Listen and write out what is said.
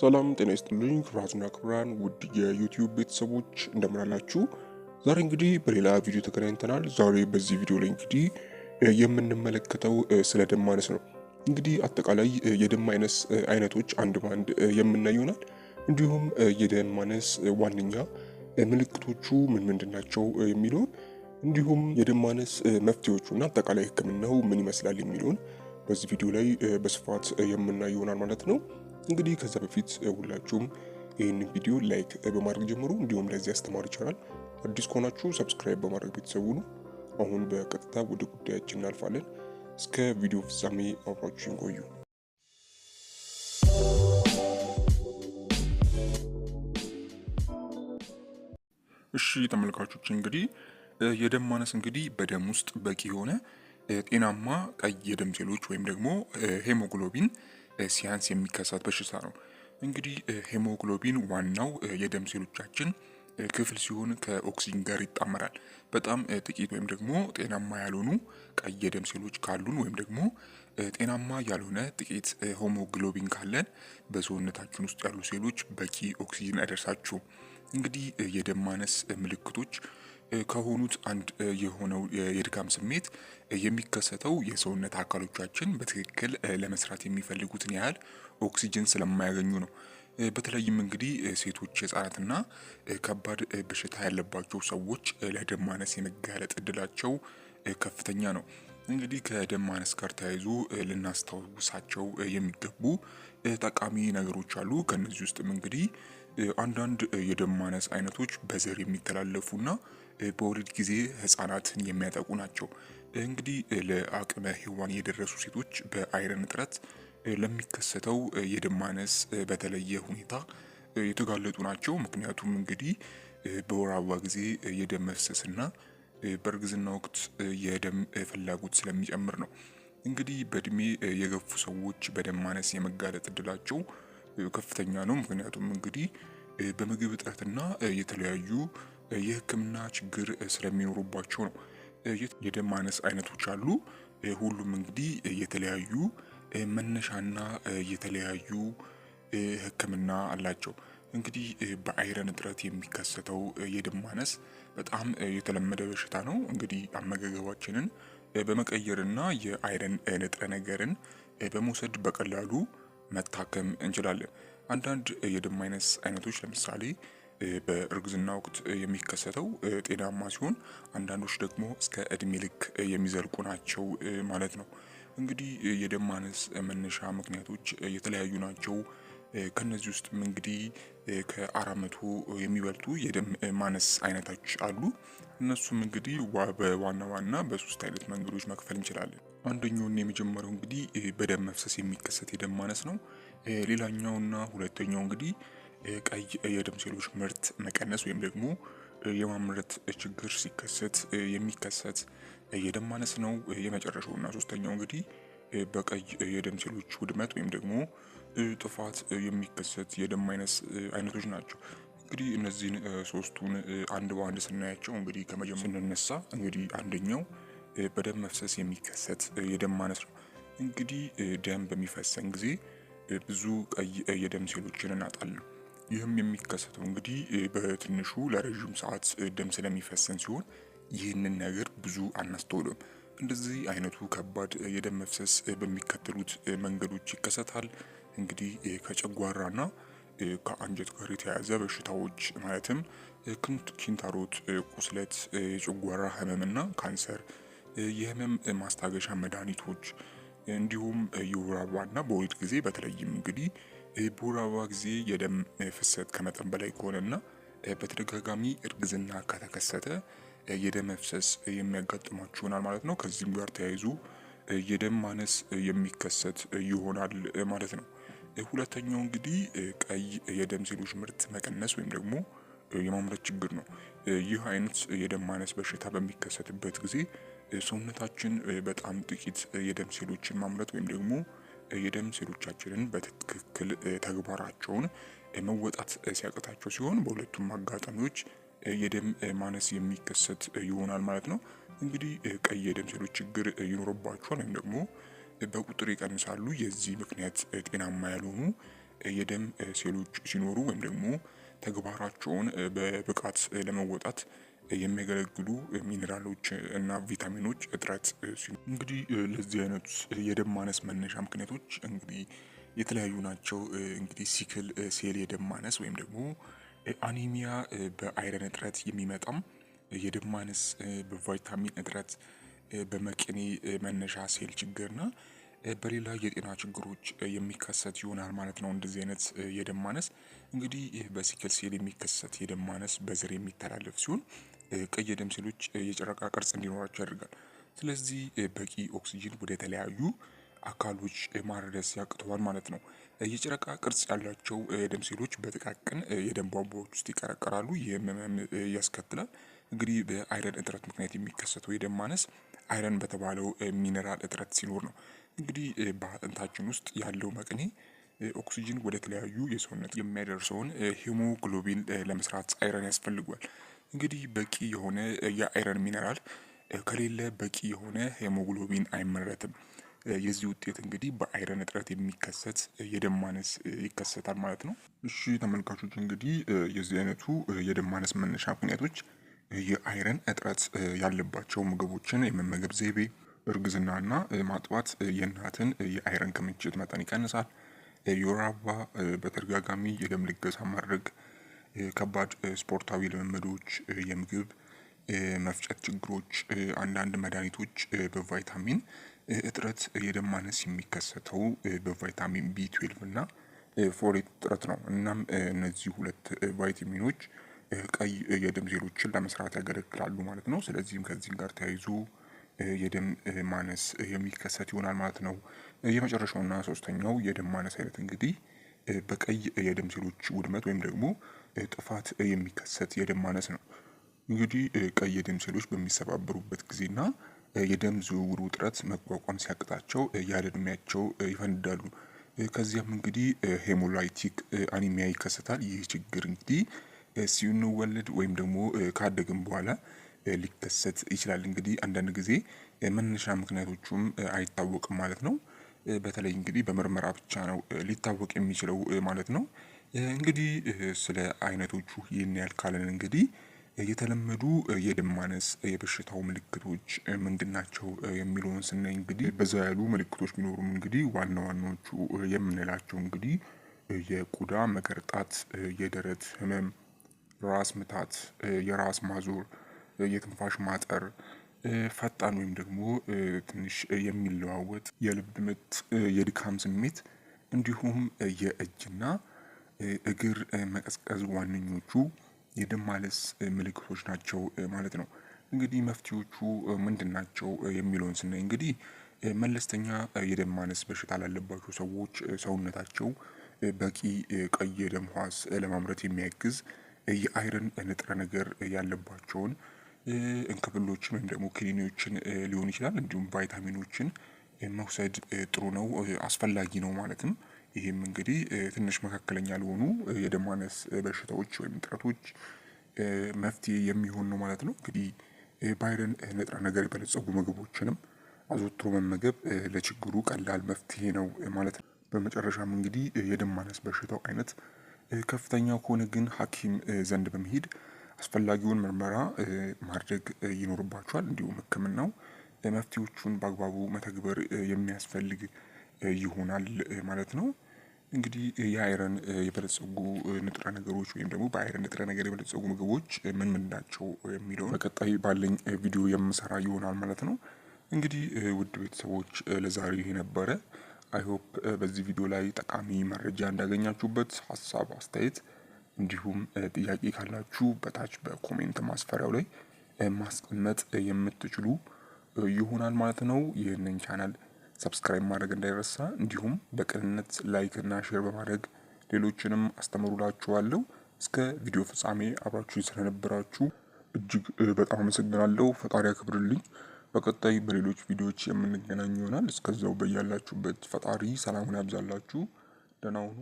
ሰላም ጤና ይስጥልኝ ክብራትና ክብራን ውድ የዩቲዩብ ቤተሰቦች እንደምናላችሁ። ዛሬ እንግዲህ በሌላ ቪዲዮ ተገናኝተናል። ዛሬ በዚህ ቪዲዮ ላይ እንግዲህ የምንመለከተው ስለ ደም ማነስ ነው። እንግዲህ አጠቃላይ የደም ማነስ አይነቶች አንድ በአንድ የምናይ ይሆናል። እንዲሁም የደም ማነስ ዋነኛ ምልክቶቹ ምን ምንድን ናቸው የሚለውን እንዲሁም የደም ማነስ መፍትሄዎቹ እና አጠቃላይ ሕክምናው ምን ይመስላል የሚለውን በዚህ ቪዲዮ ላይ በስፋት የምናይ ይሆናል ማለት ነው። እንግዲህ ከዛ በፊት ሁላችሁም ይህንን ቪዲዮ ላይክ በማድረግ ጀምሩ። እንዲሁም ለዚህ አስተማሪ ይቻላል አዲስ ከሆናችሁ ሰብስክራይብ በማድረግ ቤተሰቡ ነው። አሁን በቀጥታ ወደ ጉዳያችን እናልፋለን። እስከ ቪዲዮ ፍጻሜ አብራችሁን ቆዩ። እሺ ተመልካቾች እንግዲህ የደም ማነስ እንግዲህ በደም ውስጥ በቂ የሆነ ጤናማ ቀይ የደም ሴሎች ወይም ደግሞ ሄሞግሎቢን ሲያንስ የሚከሰት በሽታ ነው። እንግዲህ ሄሞግሎቢን ዋናው የደም ሴሎቻችን ክፍል ሲሆን ከኦክሲጅን ጋር ይጣመራል። በጣም ጥቂት ወይም ደግሞ ጤናማ ያልሆኑ ቀይ የደም ሴሎች ካሉን ወይም ደግሞ ጤናማ ያልሆነ ጥቂት ሆሞግሎቢን ካለን በሰውነታችን ውስጥ ያሉ ሴሎች በቂ ኦክሲጅን አይደርሳችሁም። እንግዲህ የደም ማነስ ምልክቶች ከሆኑት አንድ የሆነው የድካም ስሜት የሚከሰተው የሰውነት አካሎቻችን በትክክል ለመስራት የሚፈልጉትን ያህል ኦክሲጅን ስለማያገኙ ነው። በተለይም እንግዲህ ሴቶች፣ ህጻናትና ከባድ በሽታ ያለባቸው ሰዎች ለደም ማነስ የመጋለጥ እድላቸው ከፍተኛ ነው። እንግዲህ ከደም ማነስ ጋር ተያይዞ ልናስታውሳቸው የሚገቡ ጠቃሚ ነገሮች አሉ። ከነዚህ ውስጥም እንግዲህ አንዳንድ የደም ማነስ አይነቶች በዘር የሚተላለፉና በወሊድ ጊዜ ህጻናትን የሚያጠቁ ናቸው። እንግዲህ ለአቅመ ሔዋን የደረሱ ሴቶች በአይረን እጥረት ለሚከሰተው የደም ማነስ በተለየ ሁኔታ የተጋለጡ ናቸው። ምክንያቱም እንግዲህ በወር አበባ ጊዜ የደም መፍሰስና በእርግዝና ወቅት የደም ፍላጎት ስለሚጨምር ነው። እንግዲህ በእድሜ የገፉ ሰዎች በደም ማነስ የመጋለጥ እድላቸው ከፍተኛ ነው። ምክንያቱም እንግዲህ በምግብ እጥረትና የተለያዩ የሕክምና ችግር ስለሚኖሩባቸው ነው። የደም ማነስ አይነቶች አሉ። ሁሉም እንግዲህ የተለያዩ መነሻና የተለያዩ ሕክምና አላቸው። እንግዲህ በአይረን እጥረት የሚከሰተው የደም ማነስ በጣም የተለመደ በሽታ ነው። እንግዲህ አመጋገባችንን በመቀየርና የአይረን ንጥረ ነገርን በመውሰድ በቀላሉ መታከም እንችላለን። አንዳንድ የደም አይነት አይነቶች ለምሳሌ በእርግዝና ወቅት የሚከሰተው ጤናማ ሲሆን አንዳንዶች ደግሞ እስከ እድሜ ልክ የሚዘልቁ ናቸው ማለት ነው። እንግዲህ የደም ማነስ መነሻ ምክንያቶች የተለያዩ ናቸው። ከነዚህ ውስጥም እንግዲህ ከአራት መቶ የሚበልጡ የደም ማነስ አይነቶች አሉ። እነሱም እንግዲህ በዋና ዋና በሶስት አይነት መንገዶች መክፈል እንችላለን። አንደኛውና የመጀመሪያው እንግዲህ በደም መፍሰስ የሚከሰት የደም ማነስ ነው። ሌላኛውና ሁለተኛው እንግዲህ ቀይ የደም ሴሎች ምርት መቀነስ ወይም ደግሞ የማምረት ችግር ሲከሰት የሚከሰት የደም ማነስ ነው። እና ሶስተኛው እንግዲህ በቀይ የደም ሴሎች ውድመት ወይም ደግሞ ጥፋት የሚከሰት የደም አይነት አይነቶች ናቸው። እንግዲህ እነዚህን ሶስቱን አንድ በአንድ ስናያቸው እንግዲህ ከመጀመሪያ ስንነሳ እንግዲህ አንደኛው በደም መፍሰስ የሚከሰት የደም ማነስ ነው። እንግዲህ ደም በሚፈሰን ጊዜ ብዙ ቀይ የደም ሴሎችን እናጣለን። ይህም የሚከሰተው እንግዲህ በትንሹ ለረዥም ሰዓት ደም ስለሚፈሰን ሲሆን ይህንን ነገር ብዙ አናስተውልም። እንደዚህ አይነቱ ከባድ የደም መፍሰስ በሚከተሉት መንገዶች ይከሰታል። እንግዲህ ከጨጓራና ከአንጀት ጋር የተያያዘ በሽታዎች ማለትም ኪንታሮት፣ ቁስለት፣ የጨጓራ ህመምና ካንሰር፣ የህመም ማስታገሻ መድኃኒቶች እንዲሁም የወር አበባና በወሊድ ጊዜ በተለይም እንግዲህ በወር አበባ ጊዜ የደም ፍሰት ከመጠን በላይ ከሆነና በተደጋጋሚ እርግዝና ከተከሰተ የደም መፍሰስ የሚያጋጥማችሁ ይሆናል ማለት ነው። ከዚህም ጋር ተያይዞ የደም ማነስ የሚከሰት ይሆናል ማለት ነው። ሁለተኛው እንግዲህ ቀይ የደም ሴሎች ምርት መቀነስ ወይም ደግሞ የማምረት ችግር ነው። ይህ አይነት የደም ማነስ በሽታ በሚከሰትበት ጊዜ ሰውነታችን በጣም ጥቂት የደም ሴሎችን ማምረት ወይም ደግሞ የደም ሴሎቻችንን በትክክል ተግባራቸውን መወጣት ሲያቅታቸው ሲሆን በሁለቱም አጋጣሚዎች የደም ማነስ የሚከሰት ይሆናል ማለት ነው። እንግዲህ ቀይ የደም ሴሎች ችግር ይኖርባቸዋል ወይም ደግሞ በቁጥር ይቀንሳሉ። የዚህ ምክንያት ጤናማ ያልሆኑ የደም ሴሎች ሲኖሩ ወይም ደግሞ ተግባራቸውን በብቃት ለመወጣት የሚያገለግሉ ሚኔራሎች እና ቪታሚኖች እጥረት ሲኖ እንግዲህ ለዚህ አይነት የደም ማነስ መነሻ ምክንያቶች እንግዲህ የተለያዩ ናቸው። እንግዲህ ሲክል ሴል የደም ማነስ ወይም ደግሞ አኒሚያ በአይረን እጥረት የሚመጣም የደም ማነስ በቫይታሚን እጥረት በመቅኔ መነሻ ሴል ችግርና በሌላ የጤና ችግሮች የሚከሰት ይሆናል ማለት ነው። እንደዚህ አይነት የደም ማነስ እንግዲህ በሲክል ሴል የሚከሰት የደም ማነስ በዘር የሚተላለፍ ሲሆን ቀይ የደም ሴሎች የጨረቃ ቅርጽ እንዲኖራቸው ያደርጋል። ስለዚህ በቂ ኦክሲጅን ወደ ተለያዩ አካሎች ማድረስ ያቅተዋል ማለት ነው። የጨረቃ ቅርጽ ያላቸው የደም ሴሎች በጥቃቅን የደም ቧንቧዎች ውስጥ ይቀረቀራሉ። ይህም ህመም ያስከትላል። እንግዲህ በአይረን እጥረት ምክንያት የሚከሰተው የደም ማነስ አይረን በተባለው ሚነራል እጥረት ሲኖር ነው። እንግዲህ በአጥንታችን ውስጥ ያለው መቅኔ ኦክሲጅን ወደ ተለያዩ የሰውነት የሚያደርሰውን ሂሞግሎቢን ለመስራት አይረን ያስፈልጓል። እንግዲህ በቂ የሆነ የአይረን ሚነራል ከሌለ በቂ የሆነ ሄሞግሎቢን አይመረትም። የዚህ ውጤት እንግዲህ በአይረን እጥረት የሚከሰት የደም ማነስ ይከሰታል ማለት ነው። እሺ ተመልካቾች እንግዲህ የዚህ አይነቱ የደም ማነስ መነሻ ምክንያቶች የአይረን እጥረት ያለባቸው ምግቦችን የመመገብ ዘይቤ፣ እርግዝናና ማጥባት የእናትን የአይረን ክምችት መጠን ይቀንሳል። የወር አበባ በተደጋጋሚ የደም ልገሳ ማድረግ፣ ከባድ ስፖርታዊ ልምምዶች፣ የምግብ መፍጨት ችግሮች፣ አንዳንድ መድኃኒቶች በቫይታሚን እጥረት የደም ማነስ የሚከሰተው በቫይታሚን ቢ ትዌልቭ እና ፎሌት እጥረት ነው። እናም እነዚህ ሁለት ቫይታሚኖች ቀይ የደም ሴሎችን ለመስራት ያገለግላሉ ማለት ነው። ስለዚህም ከዚህም ጋር ተያይዞ የደም ማነስ የሚከሰት ይሆናል ማለት ነው። የመጨረሻውና ሶስተኛው የደም ማነስ አይነት እንግዲህ በቀይ የደም ሴሎች ውድመት ወይም ደግሞ ጥፋት የሚከሰት የደም ማነስ ነው። እንግዲህ ቀይ የደም ሴሎች በሚሰባበሩበት ጊዜና የደም ዝውውር ውጥረት መቋቋም ሲያቅታቸው ያለ ይፈንዳሉ። ከዚያም እንግዲህ ሄሞላይቲክ አኒሚያ ይከሰታል። ይህ ችግር እንግዲህ ሲንወለድ ወይም ደግሞ ካደግን በኋላ ሊከሰት ይችላል። እንግዲህ አንዳንድ ጊዜ መነሻ ምክንያቶቹም አይታወቅም ማለት ነው። በተለይ እንግዲህ በምርመራ ብቻ ነው ሊታወቅ የሚችለው ማለት ነው። እንግዲህ ስለ አይነቶቹ ይህን ያህል ካለን እንግዲህ የተለመዱ የደም ማነስ የበሽታው ምልክቶች ምንድን ናቸው? የሚለውን ስናይ እንግዲህ በዛ ያሉ ምልክቶች ቢኖሩም እንግዲህ ዋና ዋናዎቹ የምንላቸው እንግዲህ የቆዳ መገርጣት፣ የደረት ህመም ራስ ምታት፣ የራስ ማዞር፣ የትንፋሽ ማጠር፣ ፈጣን ወይም ደግሞ ትንሽ የሚለዋወጥ የልብ ምት፣ የድካም ስሜት እንዲሁም የእጅና እግር መቀዝቀዝ ዋነኞቹ የደም ማለስ ምልክቶች ናቸው ማለት ነው። እንግዲህ መፍትሄዎቹ ምንድን ናቸው የሚለውን ስናይ እንግዲህ መለስተኛ የደም ማነስ በሽታ ላለባቸው ሰዎች ሰውነታቸው በቂ ቀይ የደም ህዋስ ለማምረት የሚያግዝ የአይረን ንጥረ ነገር ያለባቸውን እንክብሎችን ወይም ደግሞ ክኒኒዎችን ሊሆን ይችላል እንዲሁም ቫይታሚኖችን መውሰድ ጥሩ ነው፣ አስፈላጊ ነው ማለትም ይህም እንግዲህ ትንሽ መካከለኛ ለሆኑ የደም ማነስ በሽታዎች ወይም እጥረቶች መፍትሄ የሚሆን ነው ማለት ነው። እንግዲህ በአይረን ንጥረ ነገር የበለጸጉ ምግቦችንም አዘወትሮ መመገብ ለችግሩ ቀላል መፍትሄ ነው ማለት ነው። በመጨረሻም እንግዲህ የደም ማነስ በሽታው አይነት ከፍተኛ ከሆነ ግን ሐኪም ዘንድ በመሄድ አስፈላጊውን ምርመራ ማድረግ ይኖርባቸዋል። እንዲሁም ሕክምናው መፍትሄዎቹን በአግባቡ መተግበር የሚያስፈልግ ይሆናል ማለት ነው። እንግዲህ የአይረን የበለፀጉ ንጥረ ነገሮች ወይም ደግሞ በአይረን ንጥረ ነገር የበለፀጉ ምግቦች ምን ምን ናቸው የሚለውን በቀጣይ ባለኝ ቪዲዮ የምሰራ ይሆናል ማለት ነው። እንግዲህ ውድ ቤተሰቦች ለዛሬ ይሄ ነበረ። አይሆፕ uh, በዚህ ቪዲዮ ላይ ጠቃሚ መረጃ እንዳገኛችሁበት፣ ሀሳብ አስተያየት፣ እንዲሁም uh, ጥያቄ ካላችሁ በታች በኮሜንት ማስፈሪያው ላይ uh, ማስቀመጥ የምትችሉ ይሆናል ማለት ነው። ይህንን ቻናል ሰብስክራይብ ማድረግ እንዳይረሳ፣ እንዲሁም በቅንነት ላይክ እና ሼር በማድረግ ሌሎችንም አስተምሩላችኋለሁ። እስከ ቪዲዮ ፍጻሜ አብራችሁ ስለነበራችሁ እጅግ በጣም አመሰግናለሁ። ፈጣሪ ያክብርልኝ። በቀጣይ በሌሎች ቪዲዮዎች የምንገናኝ ይሆናል። እስከዛው በያላችሁበት ፈጣሪ ሰላሙን ያብዛላችሁ። ደህና ሁኑ።